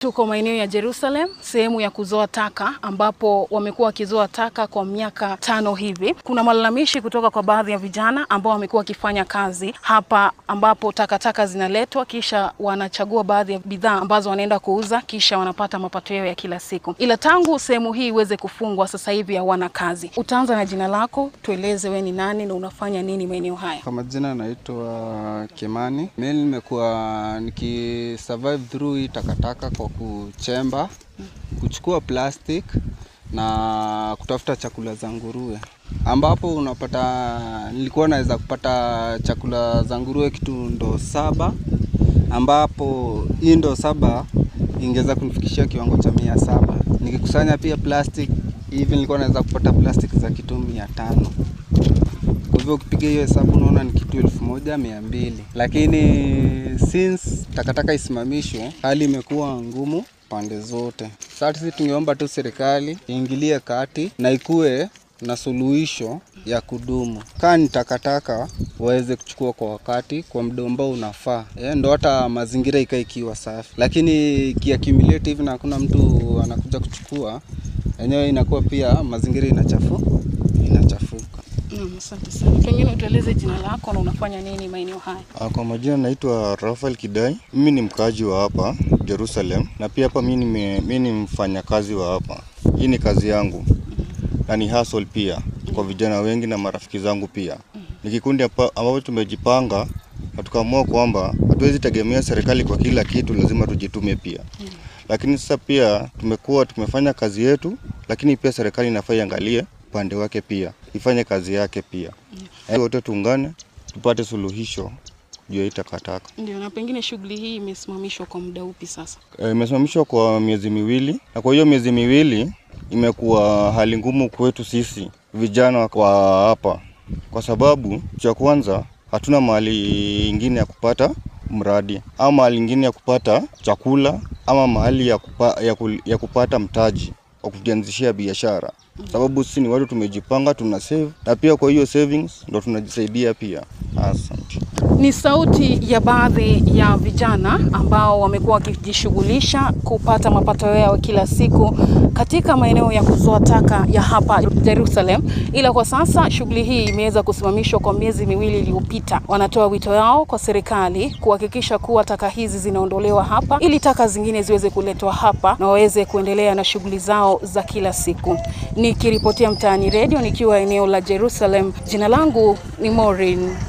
Tuko maeneo ya Jerusalem, sehemu ya kuzoa taka ambapo wamekuwa wakizoa taka kwa miaka tano hivi. Kuna malalamishi kutoka kwa baadhi ya vijana ambao wamekuwa wakifanya kazi hapa, ambapo takataka zinaletwa, kisha wanachagua baadhi ya bidhaa ambazo wanaenda kuuza, kisha wanapata mapato yao ya kila siku. Ila tangu sehemu hii iweze kufungwa, sasa hivi hawana kazi. Utaanza na jina lako, tueleze we ni nani na unafanya nini maeneo haya? Kwa majina naitwa Kimani. Mimi nimekuwa nikisurvive through hii takataka kwa kuchemba, kuchukua plastic na kutafuta chakula za nguruwe, ambapo unapata nilikuwa naweza kupata chakula za nguruwe kitu ndo saba, ambapo hii ndo saba ingeweza kunifikishia kiwango cha mia saba. Nikikusanya pia plastic hivi nilikuwa naweza kupata plastic za kitu mia tano. Kwa hivyo ukipiga hiyo hesabu unaona ni kitu elfu moja mia mbili lakini since takataka isimamishwe hali imekuwa ngumu pande zote. Sasa tungeomba tu serikali iingilie kati na ikue na suluhisho ya kudumu. Kaa ni takataka waweze kuchukua kwa wakati, kwa muda ambao unafaa, e, ndo hata mazingira ikae ikiwa safi. Lakini ikiaccumulate hivi na hakuna mtu anakuja kuchukua, enyewe inakuwa pia mazingira inachafu inachafuka. Naam, asante sana. Pengine utueleze jina lako na unafanya nini maeneo haya? Ah, kwa majina naitwa Rafael Kidai. Mimi ni mkaaji wa hapa Jerusalem na pia hapa mimi ni mfanyakazi wa hapa. Hii ni kazi yangu mm-hmm. na ni hustle pia kwa vijana wengi na marafiki zangu pia. Mm-hmm. Ni kikundi ambapo tumejipanga na tukaamua kwamba hatuwezi tegemea serikali kwa kila kitu, lazima tujitume pia. Mm-hmm. Lakini sasa pia tumekuwa tumefanya kazi yetu, lakini pia serikali inafaa iangalie upande wake pia ifanye kazi yake pia yeah. Wote tuungane tupate suluhisho juu ya takataka. Ndio, na pengine shughuli hii imesimamishwa kwa muda upi sasa? Eh, imesimamishwa e, kwa miezi miwili, na kwa hiyo miezi miwili imekuwa hali ngumu kwetu sisi vijana kwa hapa, kwa sababu cha kwanza hatuna mahali ingine ya kupata mradi ama mahali ingine ya kupata chakula ama mahali ya, kupa, ya, kul, ya kupata mtaji wa kujianzishia biashara Sababu sisi ni watu tumejipanga, tuna save na pia kwa hiyo savings ndo tunajisaidia pia hasa ni sauti ya baadhi ya vijana ambao wamekuwa wakijishughulisha kupata mapato yao kila siku katika maeneo ya kuzoa taka ya hapa Jerusalem, ila kwa sasa shughuli hii imeweza kusimamishwa kwa miezi miwili iliyopita. Wanatoa wito yao kwa serikali kuhakikisha kuwa taka hizi zinaondolewa hapa ili taka zingine ziweze kuletwa hapa na waweze kuendelea na shughuli zao za kila siku. Nikiripotia Mtaani Redio nikiwa eneo la Jerusalem, jina langu ni Maureen